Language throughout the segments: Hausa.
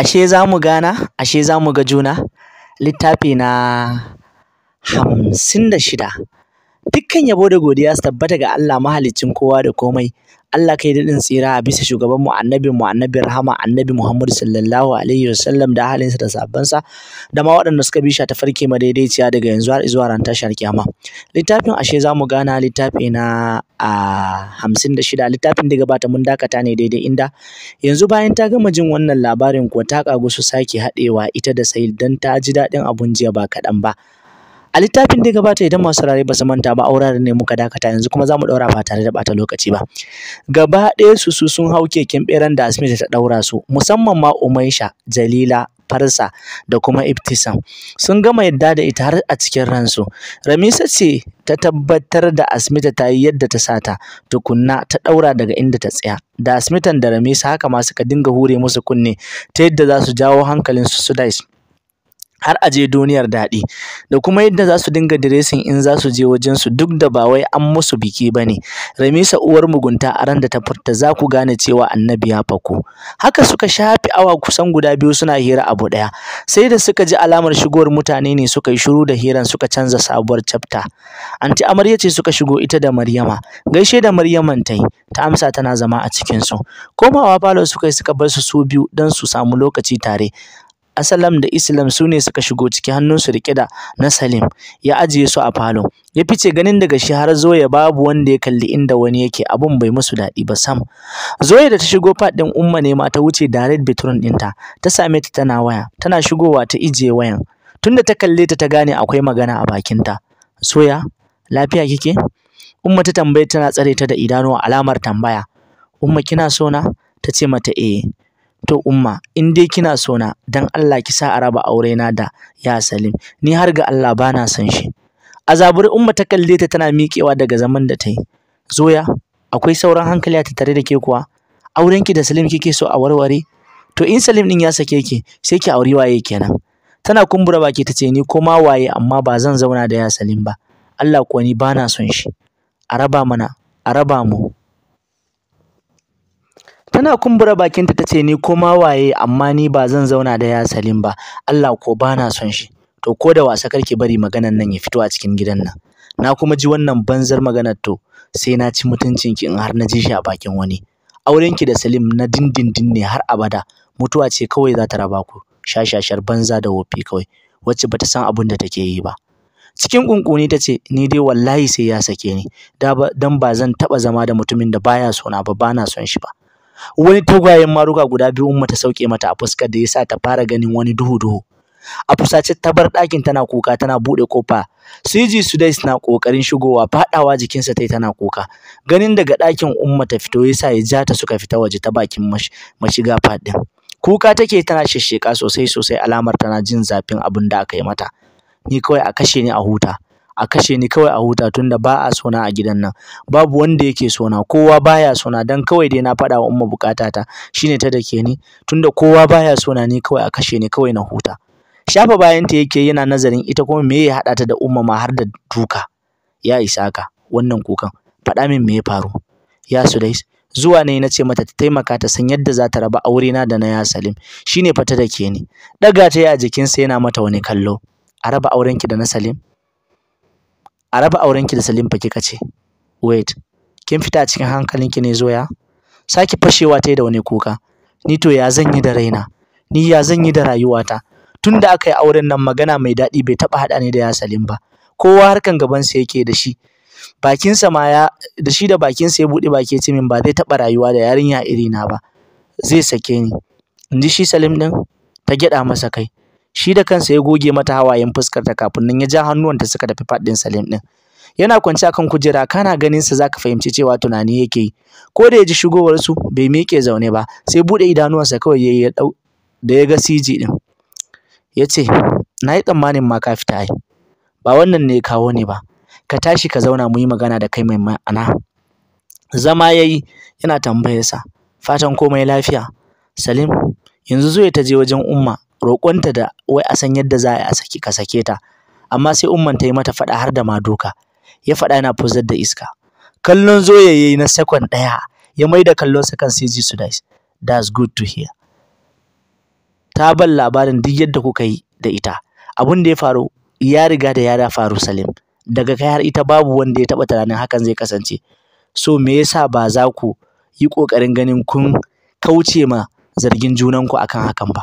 ashe za mu gana ashe za mu ga juna littafi na hamsin da shida Dukkan yabo da godiya su tabbata ga Allah mahaliccin kowa da komai. Allah kai daɗin tsira a bisa shugaban mu annabi mu annabi rahama annabi Muhammad sallallahu alaihi wasallam da halinsa da sabbansa. da ma waɗanda suka bi ta farke madaidaiciya daga yanzu har zuwa ran tashar kiyama. Littafin ashe zamu gana littafi na a hamsin da shida littafin da gabata mun dakata ne daidai inda yanzu bayan ta gama jin wannan labarin kuwa ta kagu su sake haɗewa ita da sai don ta ji daɗin abun jiya ba kaɗan ba. a littafin da gabata idan masu saurare ba su manta ba auren ne muka dakata yanzu kuma za mu ɗaura ba tare da bata lokaci ba gaba ɗaya su su sun hau keken ɓeran da asmi ta ɗaura su musamman ma umaisha jalila farsa da kuma ibtisam sun gama yadda da ita har a cikin ransu ramisa ce ta tabbatar da asmita ta yi yadda ta sata tukunna ta ɗaura daga inda ta tsaya da asmitan da ramisa haka ma suka dinga hure musu kunne ta yadda za su jawo hankalin su su dice har a je duniyar daɗi da kuma yadda za su dinga diresin in za su je wajensu duk da ba wai an musu biki ba ne ramisa uwar mugunta a ran da ta furta za ku gane cewa annabi ya fako haka suka shafi awa kusan guda biyu suna hira abu ɗaya sai da suka ji alamar shigowar mutane ne suka yi shiru da hiran suka canza sabuwar chapter anti amarya ce suka shigo ita da maryama gaishe da maryaman ta yi ta amsa tana zama a cikinsu komawa falo suka yi suka bar su su biyu don su samu lokaci tare Asalam da Islam su ne suka shigo ciki hannunsu riƙe da na Salim ya ajiye su a falo ya fice ganin daga shi har Zoya babu wanda ya kalli inda wani yake abun bai musu daɗi ba sam Zoya da ta shigo faɗin Umma ne ma ta wuce direct betron ɗinta ta same ta tana waya tana shigowa ta ijiye wayan tunda ta kalle ta ta gane akwai magana a bakinta Soya? lafiya kike Umma ta tambaye tana tsare ta da idanu alamar tambaya Umma kina sona? na ta ce mata eh to umma in dai kina so na dan Allah ki sa a raba aure na da ya Salim ni har ga Allah bana son shi a umma ta kalle ta tana miƙewa daga zaman da ta yi zoya akwai sauran hankali ta tare da ke kuwa aurenki da Salim kike so a warware to in Salim din ya sake ki sai ki aure waye kenan tana kumbura baki ta ce ni koma waye amma ba zan zauna da ya Salim ba Allah kuwa ni bana son shi a raba mana a raba mu Tana kumbura bakinta ta ce ni koma waye amma ni ba zan zauna da ya Salim ba, Allah ko bana na son shi. To ko da wasa karki bari maganan nan ya fito a cikin gidan nan. Na kuma ji wannan banzar maganar to sai na ci mutuncin ki in har na ji shi a bakin wani. Aurenki da Salim na dindindin ne har abada, mutuwa ce kawai za ta raba ku, shashashar banza da wofi kawai, wacce bata san abin da take yi ba. cikin ƙunƙuni ta ce ni dai wallahi sai ya sake ni dan ba zan taɓa zama da mutumin da baya sona ba bana son shi ba wani tagwayen maruka guda biyu umma ta sauke mata a fuskar da yasa ta fara ganin wani duhu duhu a fusace ta bar ɗakin tana kuka tana buɗe kofa siji dai na ƙoƙarin shigowa faɗawa jikinsa tai tana kuka ganin daga ɗakin umma ta fito yasa ya ja ta suka fita waje ta bakin mashiga faɗin kuka take tana shesheka sosai sosai alamar tana jin zafin abin da aka yi mata ni kawai a kashe ni a huta a kashe ni kawai a huta tunda ba a sona a gidan nan babu wanda yake sona kowa baya sona dan kawai dai na faɗa wa umma bukatata shine ta dake ni tunda kowa baya sona ni kawai a kashe ni kawai na huta shafa bayanta yake yana nazarin ita kuma me ya haɗa ta da umma ma har da duka ya isa ka wannan kukan faɗa min me ya faru ya dai. zuwa ne na ce mata ta taimaka ta san yadda za ta raba aure na da na ya salim shine fata da dake ni ɗaga ta yi a jikinsa yana mata wani kallo a raba aurenki da na salim a raba aurenki da Salim fa kika ce wait kin fita a cikin hankalinki ne zoya saki fashewa ta yi da wani kuka ni to ya zan yi da raina ni ya zan yi da rayuwata Tunda da aka yi auren nan magana mai daɗi bai taɓa haɗa ni da ya Salim ba kowa harkan gabansa yake da shi bakinsa ma ya da shi da bakinsa ya buɗe baki ce min ba zai taɓa rayuwa da yarinya irina ba zai sake ni in ji shi Salim ɗin ta gyaɗa masa kai shi da kansa ya goge mata hawayen fuskarta kafin nan ya ja hannuwanta suka tafi faɗin Salim ɗin. yana kwance akan kujera kana ganin sa zaka fahimci cewa tunani yake yi ko da ya ji shigowar su bai miƙe zaune ba sai bude idanuwansa kawai yayi ya dau da ya ga CG din yace na yi tsammanin ma ka fita ai ba wannan ne kawo ne ba ka tashi ka zauna mu yi magana da kai mai ma'ana zama yayi yana tambayarsa fatan komai lafiya Salim yanzu zuwa ta je wajen umma roƙonta da wai a san yadda za a saki ka sake ta amma sai umman ta yi mata faɗa har da ma doka, ya faɗa yana fuzar da iska kallon zoya yayi na second ɗaya ya da kallon sakan CG that's good to hear ta ban labarin duk yadda kuka yi da ita abin da ya faru ya riga da ya da faru Salim daga kai har ita babu wanda ya taɓa tunanin hakan zai kasance so me yasa ba za ku yi ƙoƙarin ganin kun kauce ma zargin junanku akan hakan ba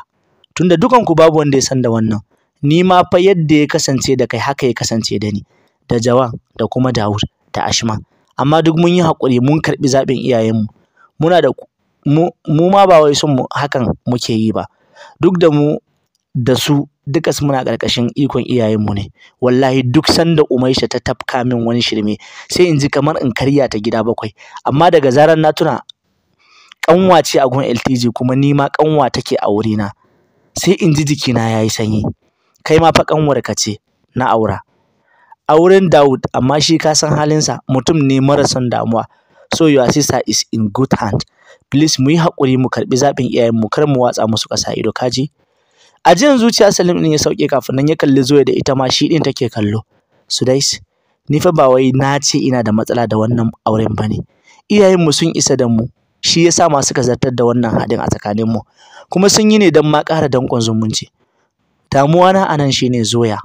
tunda dukanku babu wanda ya san da wannan ni ma fa yadda ya kasance da kai haka ya kasance da ni da Jawan da kuma Dawud da Ashma amma duk mun yi haƙuri mun karɓi zaɓin iyayenmu muna da mu ma ba wai son mu hakan muke yi ba duk da mu da su duka muna ƙarƙashin ikon iyayenmu ne wallahi duk sanda umaisha ta tafka min wani shirme sai in ji kamar in karya ta gida bakwai amma daga zarar na tuna ƙanwa ce a gun LTG kuma ni ma ƙanwa take a wurina sai in ji jikina ya yi sanyi kai ma fa warkace ce na aura auren Dawud amma shi ka san sa, mutum ne mara son damuwa so your sister is in good hand please mu yi haƙuri mu karɓi zaɓin iyayenmu kar mu watsa musu ƙasa ido kaji a jin zuciya Salim ɗin ya sauke kafin nan ya kalli Zoya da ita ma shi ɗin take kallo su dai ni fa ba wai na ce ina da matsala da wannan auren bane iyayenmu sun isa da mu shi ya sa masu kazartar da wannan haɗin a tsakanin mu kuma sun yi ne don ma ƙara danƙon zumunci damuwa na anan ne zoya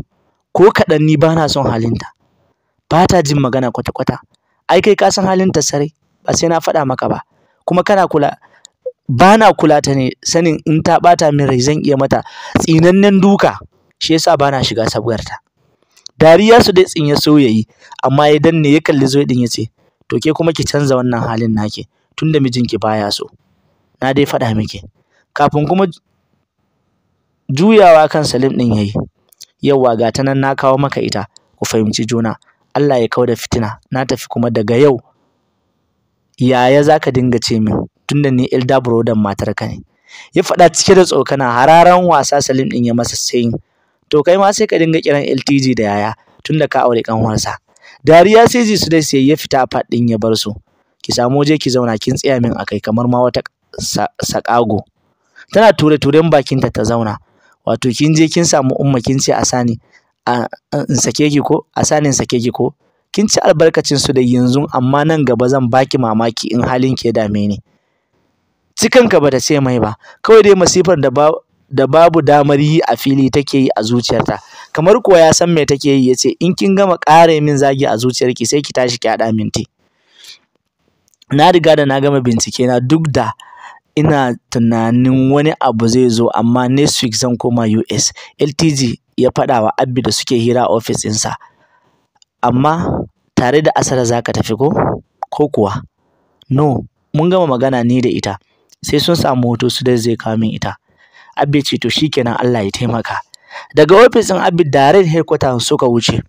ko kaɗan ni bana son halinta ba ta jin magana kwata-kwata ai kai ka san halinta sarai ba sai na faɗa maka ba kuma kana kula bana kula ta ne sanin in ta ɓata min rai zan iya mata tsinannen duka shi yasa bana shiga sabgarta dariya su dai tsinye soyayi amma idan ne ya kalli zoyi din ce, to ke kuma ki canza wannan halin naki tunda mijinki baya so na dai faɗa miki kafin kuma juyawa kan Salim ɗin yayi yauwa ga ta nan na kawo maka ita ku fahimci juna Allah ya da fitina na tafi kuma daga yau yaya zaka dinga ce min tunda ni ilda Brodan ka ne ya faɗa cike da tsokana hararan wasa Salim ɗin ya masa sayin to kai ma sai ka dinga kiran LTG da yaya tunda ka aure kanwarsa dariya sai ji su dai sai ya fita faɗin ya bar su ki samu waje ki zauna kin tsaya min a kai kamar ma wata saƙago tana ture-turen bakinta ta zauna wato kin je kin samu umma kin ce a sani in sake ki ko a in sake ki ko kin ci albarkacin su da yanzu amma nan gaba zan baki mamaki in halin ke dame ni cikanka bata ce mai ba kawai dai masifar da ba da babu damar yi a fili take yi a zuciyarta kamar kuwa ya san me take yi yace in kin gama ƙare min zagi a zuciyarki sai ki tashi ki haɗa minti na riga da na gama bincike na duk da ina tunanin wani abu zai zo amma next week zan koma US LTG ya faɗa wa Abbi da suke hira a ofis ɗinsa amma tare da Asara za ka tafi ko ko kuwa no mun gama magana ni da ita sai sun samu hoto su dai zai kawo min ita Abbi ce to shikenan Allah ya taimaka daga ofis ɗin Abbi direct headquarters suka wuce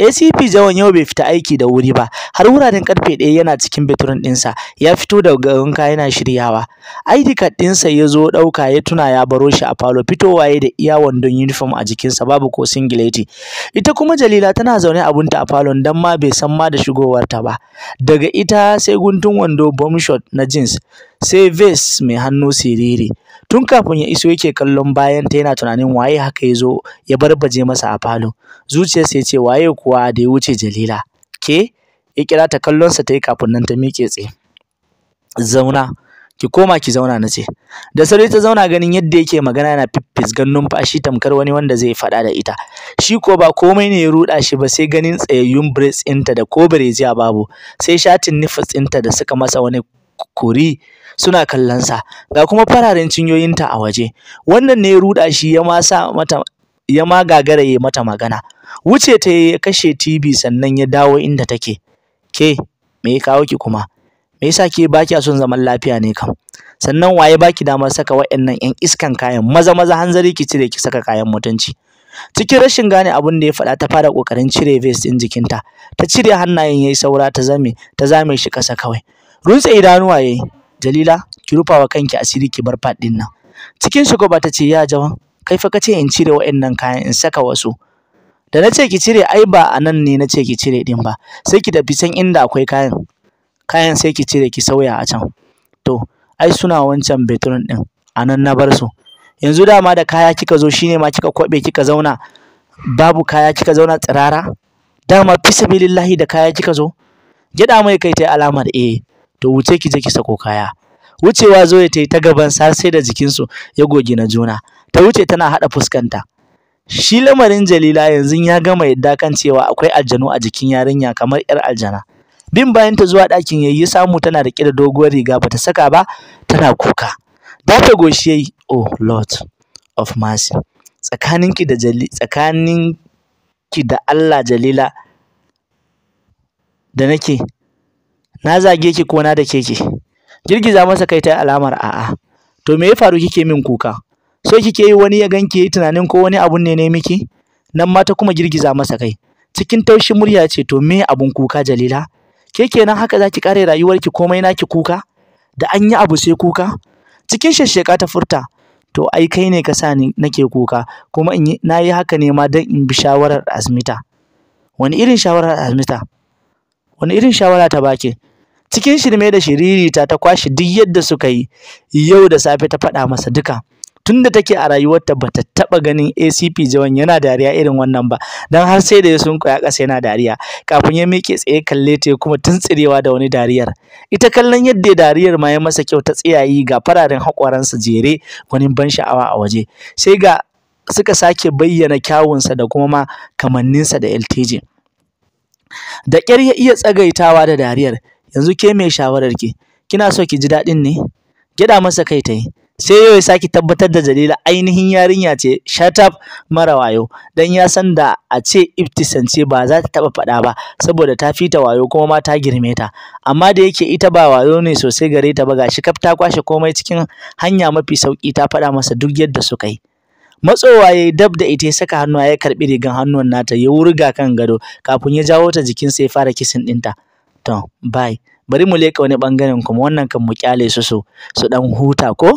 ACP Jawan yau bai fita aiki da wuri ba, har wuraren karfe ɗaya yana cikin bitirin ɗinsa, ya fito daga garinka yana shiryawa. ID card ɗinsa ya zo ɗauka ya tuna ya baro shi a falo, fitowa ya da iya wandon uniform a jikinsa babu ko singileti. Ita kuma Jalila tana zaune a bunta a falon don ma bai san ma da shigowarta ba. Daga ita sai guntun wando bomb shot na jeans. sai ves mai hannu siriri tun kafin ya iso yake kallon bayan ta yana tunanin waye haka ya zo ya barbaje masa a falo zuciyarsa ya ce waye kuwa da ya wuce jalila ke ya kira ta kallonsa ta yi kafin nan ta miƙe tsaye zauna ki koma ki zauna na ce da sauri ta zauna ganin yadda yake magana yana fiffisgan numfashi tamkar wani wanda zai faɗa da ita shi ko ba komai ne ya ruɗa shi ba sai ganin tsayayyun braids ɗinta da ko bareziya babu sai shatin nifas ɗinta da suka masa wani kuri suna kallon sa ga kuma fararen cinyoyinta a waje wannan ne ya ruɗa shi ya ma sa mata ya ma gagara ya mata magana wuce ta ya kashe TV sannan ya dawo inda take ke me ya kawo ki kuma me yasa ke ba son zaman lafiya ne kam sannan waye baki damar saka waɗannan ƴan iskan kayan maza maza hanzari ki cire ki saka kayan mutunci cikin rashin gane abin da ya faɗa ta fara ƙoƙarin cire vest ɗin jikinta ta cire hannayen yayi saura ta zame ta zame shi ƙasa kawai runtse idanuwa yayi Jalila ki rufa wa kanki asiri ki bar fat din nan cikin ba ta ce ya jawan kai fa kace in cire wa'annan kayan in saka wasu da na ce ki cire ai ba a nan ne na ce ki cire din ba sai ki tafi can inda akwai kayan kayan sai ki cire ki sauya a can to ai suna wancan bedroom din Anan na bar su yanzu dama da kaya kika zo shine ma kika kwabe kika zauna babu kaya kika zauna tsirara dama fi sabilillahi da kaya kika zo gyaɗa mai kai ta alamar eh to wuce ki je ki sako kaya wucewa zo ta yi ta gaban sa, sai da jikinsu ya goge na juna ta wuce tana haɗa fuskanta shi lamarin jalila yanzu ya gama yadda kan cewa akwai aljanu a jikin yarinya kamar yar aljana bin bayan ta zuwa ɗakin yayi ya samu tana riƙe da doguwar riga ba ta saka ba tana kuka Ta goshi yayi oh lord of mercy tsakaninki da jali tsakaninki da Allah jalila da nake na zage ki ko na dake ki girgiza masa kai ta alamar a'a to me ya faru kike min kuka so kike yi wani ya ganki yayi tunanin ko wani abun ne ne miki nan ma ta kuma girgiza masa kai cikin taushi murya ce to me abun kuka Jalila ke kenan haka zaki kare rayuwarki komai naki kuka da an yi abu sai kuka cikin shesheka ta furta to ai kai ne ka sa ni nake kuka kuma in na yi haka ne ma don in bi shawarar asmita wani irin shawarar asmita wani irin shawara ta baki cikin shirme da shiririta ta kwashe duk yadda suka yi yau da safe ta faɗa masa duka tunda take a rayuwarta bata taba ganin ACP Jawan yana dariya irin wannan ba dan har sai da ya ya kasa yana dariya kafin ya miƙe tsaye kalle ta kuma tuntsirewa da wani dariyar ita kallon yadda dariyar ma ya masa kyau ta tsiyayi ga fararen hakoransa jere wani ban sha'awa a waje sai ga suka sake bayyana kyawunsa da kuma ma kamanninsa da LTJ da kyar ya iya tsagaitawa da dariyar yanzu ke mai shawarar ki kina so ki ji daɗin ne gyaɗa masa kai ta yi sai yau ya saki tabbatar da Jalila ainihin yarinya ce up mara wayo dan ya san da a ce iftisance ba za ta taba faɗa ba saboda ta fita wayo kuma ma ta girme ta amma da yake ita ba wayo ne sosai gare ta ba gashi kaf ta kwashe komai cikin hanya mafi sauki ta faɗa masa duk yadda suka yi matsowa ya yi dab da ita ya saka hannu ya karɓi rigan hannun nata ya wurga kan gado kafin ya jawo ta jikinsa ya fara kisin ɗinta. to bye bari mu leka wani ɓangaren kuma wannan kan mu kyale su su su ɗan huta ko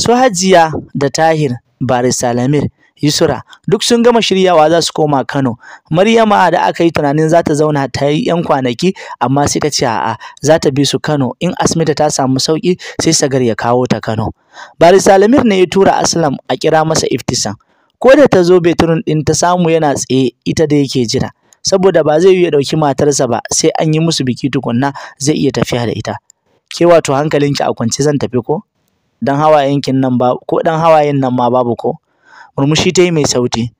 su hajiya da tahir bari salamir Yusra duk sun gama shiryawa za su koma Kano. Maryama da aka yi tunanin za ta zauna ta yi 'yan kwanaki amma sai ta ce a'a za ta bi su Kano in Asmita ta samu sauki sai Sagar ya kawo ta Kano. Bari Salamir ne ya tura Aslam a kira masa Iftisan. Ko da ta zo Betrun din ta samu yana tsaye ita da yake jira. saboda ba zai yi ya ɗauki matarsa ba sai an yi musu biki tukunna zai iya tafiya da ita ke wato hankalinki a kwance zan tafi ko dan hawayenkin nan ba ko dan hawayen nan ma babu ko murmushi ta yi mai sauti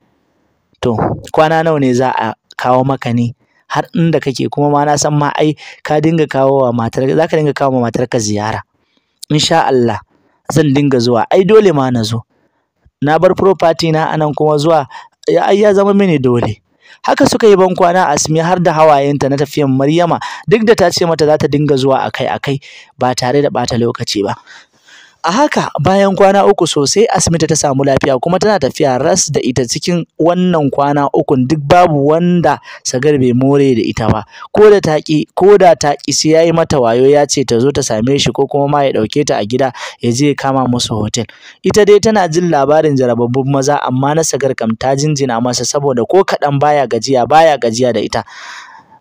to kwana nawa ne za a kawo maka ni? har inda kake kuma ma na san ma ai ka dinga kawo wa matar za ka dinga kawo wa matarka ziyara insha Allah zan dinga zuwa ai dole ma na zo na bar property na anan kuma zuwa ya zama mini dole haka suka yi ban kwana asmi har da hawayenta na tafiyan maryama duk da ta ce mata za ta dinga zuwa akai akai ba tare da bata lokaci ba a haka bayan kwana uku sosai asmita ta samu lafiya kuma tana tafiya ras da ita cikin wannan kwana ukun duk babu wanda sagar bai more da ita ba ko da ta ki ko da ta sai yayi mata wayo ya ce ta zo ta same shi ko kuma ma ya dauke ta a gida ya je kama musu hotel ita dai tana jin labarin jarababbun maza amma na sagar kam ta jinjina masa saboda ko kadan baya gajiya baya gajiya da ita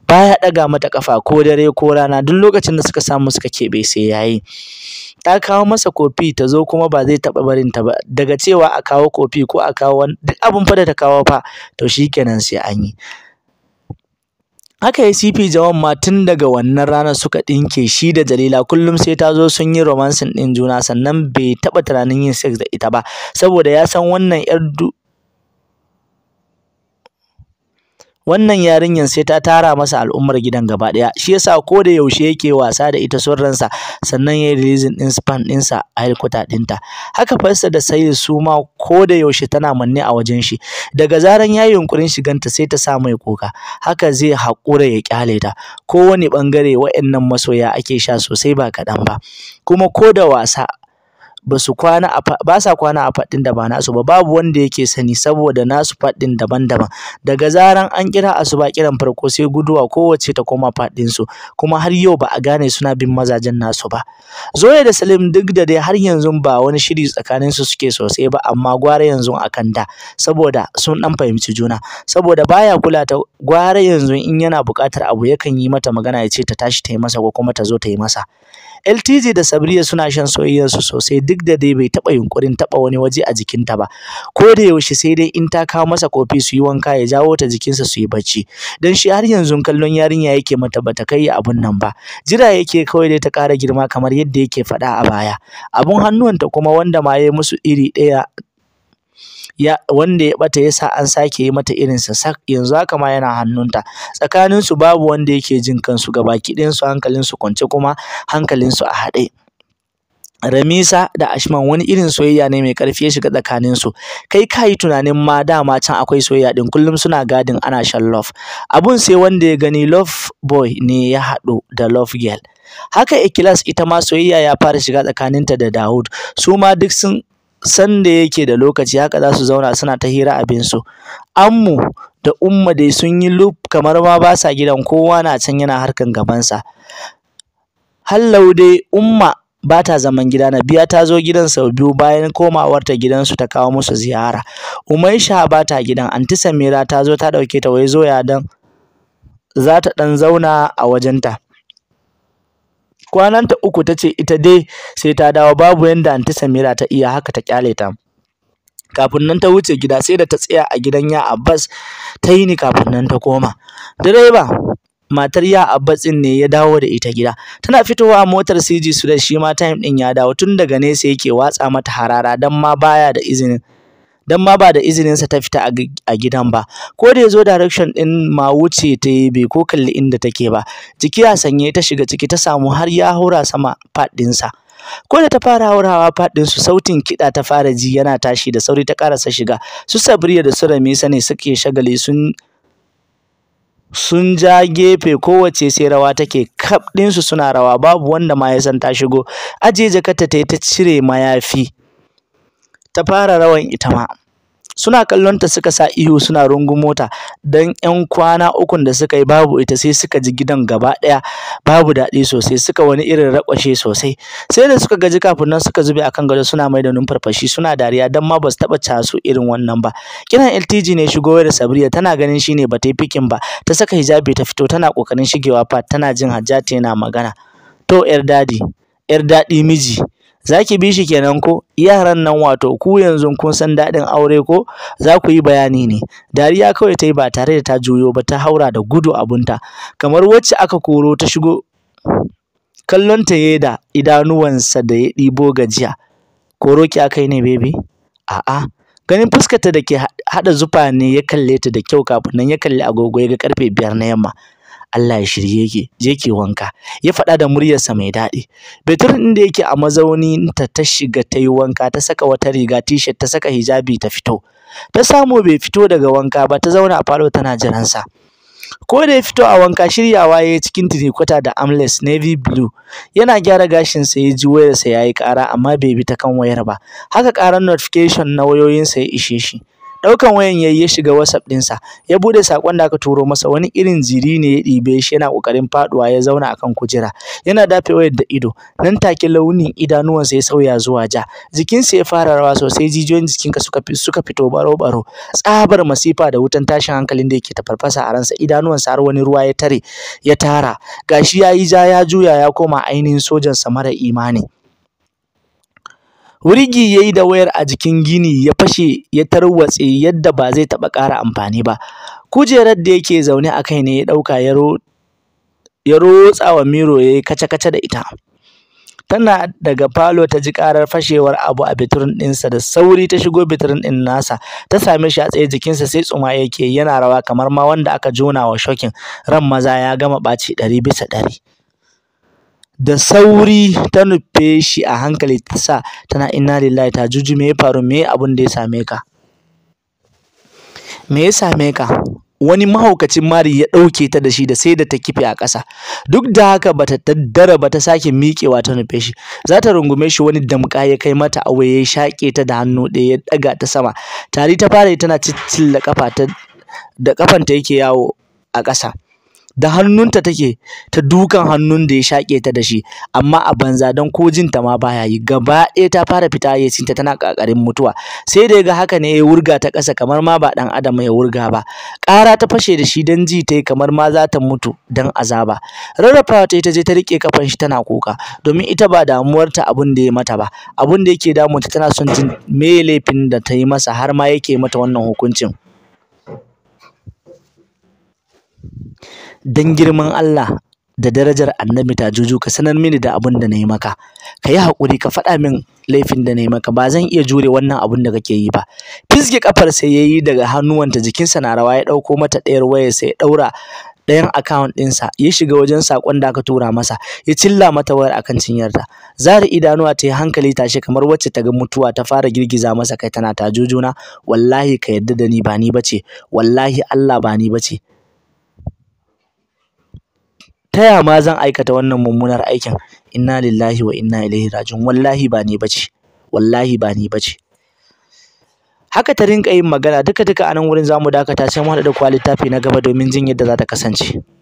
baya ɗaga mata ƙafa ko dare ko rana duk lokacin da suka samu suka keɓe sai yayi ta kawo masa kofi ta zo kuma ba zai taɓa barin ta ba daga cewa a kawo kofi ko a kawo wani duk abin fa da ta kawo fa to shikenan sai an yi haka ya sifi jawan ma tun daga wannan ranar suka ɗinke shi da jalila kullum sai ta zo sun yi romansin ɗin juna sannan bai taɓa tunanin yin sex da ita ba saboda ya san wannan yar wannan yarinyar sai ta tara masa al'ummar gidan gaba daya shi yasa ko da yaushe yake wasa da ita son ransa sannan ya releasing din span ɗinsa a helkwata ta, haka farsa da sai su ma ko da yaushe tana manne a wajen shi daga zaran yayi yunkurin shiganta sai ta sa mai kuka, haka zai haƙura ya kyale ta Ko wani bangare wa'annan masoya ake sha sosai ba kaɗan ba kuma ko da wasa basu kwana a ba sa kwana a faɗin da ba nasu ba babu wanda yake sani saboda nasu faɗin daban-daban daga zaran an kira asuba kiran farko sai guduwa kowace ta koma faɗin su kuma har yau ba a gane suna bin mazajen nasu ba Zoya da Salim duk da dai har yanzu ba wani shiri tsakanin su suke sosai ba amma gwara yanzu akan da saboda sun dan fahimci juna saboda baya kula ta gwara yanzu in yana buƙatar abu yakan yi mata magana ya ce ta tashi ta yi masa ko kuma ta zo ta yi masa LTG da Sabriya suna shan soyayyarsu sosai duk duk da dai bai taɓa yunƙurin taɓa wani waje a jikinta ba ko da yaushe sai dai in ta kawo masa kofi su yi wanka ya jawo ta jikinsa su yi bacci dan shi har yanzu kallon yarinya yake mata bata kai abun nan ba jira yake kawai dai ta ƙara girma kamar yadda yake faɗa a baya abun hannuwanta kuma wanda ma ya musu iri ɗaya ya wanda ya bata yasa an sake yi mata irin sa sak yanzu haka ma yana hannunta tsakanin su babu wanda yake jin kansu gabaki ɗayan su hankalin su kwance kuma hankalinsu a haɗe Ramisa da Ashman wani irin soyayya ne mai ƙarfi ya shiga tsakaninsu. Kai ka yi tunanin ma dama can akwai soyayya din kullum suna gadin ana shan love. Abun sai wanda ya gani love boy ne ya haɗu da love girl. Haka Ikilas ita ma soyayya ya fara shiga tsakaninta da Dawud. Su ma duk sun san da yake da lokaci haka za su zauna suna ta hira su. Ammu da Umma dai sun yi loop kamar ma ba sa gidan kowa na can yana harkan gabansa. Hallau dai Umma ba ta zaman gida na biya ta zo gidan sau biyu bayan komawarta gidansu ta kawo musu ziyara. Umaisha ba ta gidan, Anti Samira ta zo ta ɗauke ta wai zoya dan za ta ɗan zauna a wajenta. Kwananta uku ta ce ita dai sai ta dawo babu yadda Anti Samira ta iya haka ta kyale ta. Kafin nan ta wuce gida sai da ta tsaya a gidan ya Abbas ta yi ni kafin nan ta koma. Direba matar ya abbatsin ne ya dawo da ita gida tana fitowa a motar CG da shi ma time din ya dawo tun daga nesa yake watsa mata harara dan ma baya da izinin dan ma ba da izinin sa ta fita a gidan ba ko da yazo direction din ma wuce ta yi bai ko kalli inda take ba jiki ya sanye ta shiga ciki ta samu har ya haura sama faɗin sa ko da ta fara haurawa faɗin su sautin kiɗa ta fara ji yana tashi da sauri ta karasa shiga su Sabriya da su Ramisa ne suke shagali sun sun ja gefe kowace sai rawa take kaf ɗinsu suna rawa babu wanda ma ya san ta shigo ajiye jakarta ta yi ta cire mayafi ta fara rawan ita ma suna kallon ta suka sa ihu suna rungumo ta dan yan kwana ukun da suka yi babu ita sai suka ji gidan gaba daya babu daɗi sosai suka wani irin rakwashe sosai sai da suka gaji kafin nan suka zube akan gado suna mai da numfarfashi suna dariya dan ma ba su taba casu irin wannan ba kiran LTG ne shigo da Sabriya tana ganin shine ba ta yi fikin ba ta saka hijabi ta fito tana kokarin shigewa fa tana jin Hajjati yana magana to yar dadi yar dadi miji za ki bi shi kenan ko yaran nan wato ku yanzu kun san daɗin aure ko za ku yi bayani ne dariya kawai ta yi ba tare da ta juyo ba ta haura da gudu abunta kamar wacce aka koro ta shigo kallon ta yayi da idanuwansa da ya ɗibo gajiya koro ki akai ne a'a ganin fuskarta da ke haɗa zufa ne ya kalle ta da kyau kafin nan ya kalli agogo ya ga karfe biyar na yamma Allah ya shirye ki je ki wanka ya faɗa da muryarsa mai daɗi Betul inda yake a mazaunin ta ta shiga ta yi wanka ta saka wata riga t-shirt ta saka hijabi ta fito ta samu bai fito daga wanka ba ta zauna a falo tana jiransa ko da ya fito a wanka shiryawa ya yi cikin tirikwata da amles navy blue yana gyara gashinsa ya ji wayarsa ya yi ƙara amma bai bi ta kan wayar ba haka ƙarar notification na wayoyinsa ya ishe shi Daukan wayan yayi ya shiga whatsapp ɗinsa ya buɗe saƙon da aka turo masa wani irin jiri ne ya ɗibe shi yana ƙoƙarin faɗuwa ya zauna akan kujera yana dafe wayar da ido nan take launin idanuwansa ya sauya zuwa ja jikinsa ya fara rawa sosai jijiyoyin jikinka suka suka fito baro baro tsabar masifa da wutan tashin hankalin da yake ta farfasa a ransa idanuwansa har wani ruwa ya tare ya tara gashi yayi ja ya juya ya koma ainihin sojansa mara imani Wurigi ya yi da wayar a jikin gini ya fashe ya tarwatse yadda ba zai taɓa ƙara amfani ba. Kujerar da yake zaune a kai ne ya ɗauka ya rotsa wa miro ya yi kace-kace da ita. Tana daga falo ta ji ƙarar fashewar abu a bitirin ɗinsa da sauri ta shigo bitirin ɗin nasa ta same shi a tsaye jikinsa sai tsuma yake yana rawa kamar ma wanda aka jona wa shokin ran maza ya gama ɓaci ɗari bisa ɗari. da sauri ta nufe shi a hankali ta sa tana inna lillahi ta juji me ya faru me abin da ya same ka me ya same ka wani mahaukacin mari ya ɗauke ta da shi da sai da ta kife a ƙasa duk da haka bata daddara ba ta sake miƙewa ta nufe shi za ta rungume shi wani damƙa ya kai mata a ya shaƙe ta da hannu ɗaya ya ɗaga ta sama tari ta fara tana cicilla ƙafa da ƙafanta yake yawo a ƙasa da hannunta take ta dukan hannun da ya shaƙe ta da shi amma a banza don ko jin ma baya yi gaba ɗaya ta fara fita hayyacinta tana ƙaƙarin mutuwa sai da ya ga haka ne ya wurga ta ƙasa kamar ma ba ɗan adam ya wurga ba ƙara ta fashe da shi don ji ta yi kamar ma za ta mutu don azaba rarrafawa ta ta je ta riƙe kafan shi tana kuka domin ita ba damuwarta abin da ya mata ba Abun da yake damunta tana son jin me laifin da ta yi masa har ma yake mata wannan hukuncin dan girman Allah da darajar annabi Tajuju ka sanar mini da abin da na yi maka ka yi haƙuri ka faɗa min laifin da na yi maka ba zan iya jure wannan abin da kake yi ba fizge kafar sai ya yi daga hannuwanta jikinsa na rawa ya ɗauko mata ɗayar wayar sai ya ɗaura ɗayan account ɗinsa ya shiga wajen saƙon da aka tura masa ya cilla mata wayar akan cinyarta zari idanuwa ta yi hankali tashi kamar wacce ta ga mutuwa ta fara girgiza masa kai tana ta jujuna wallahi ka yarda da ni ba ni bace wallahi Allah ba ni bace ta ya ma zan aikata wannan mummunar aikin inna lillahi wa inna ilaihi raji'un wallahi ba ni bace wallahi ba ni bace haka ta rinka yin magana duka duka a nan wurin zamu dakata sai mu haɗu da kwa littafi na gaba domin jin yadda za ta kasance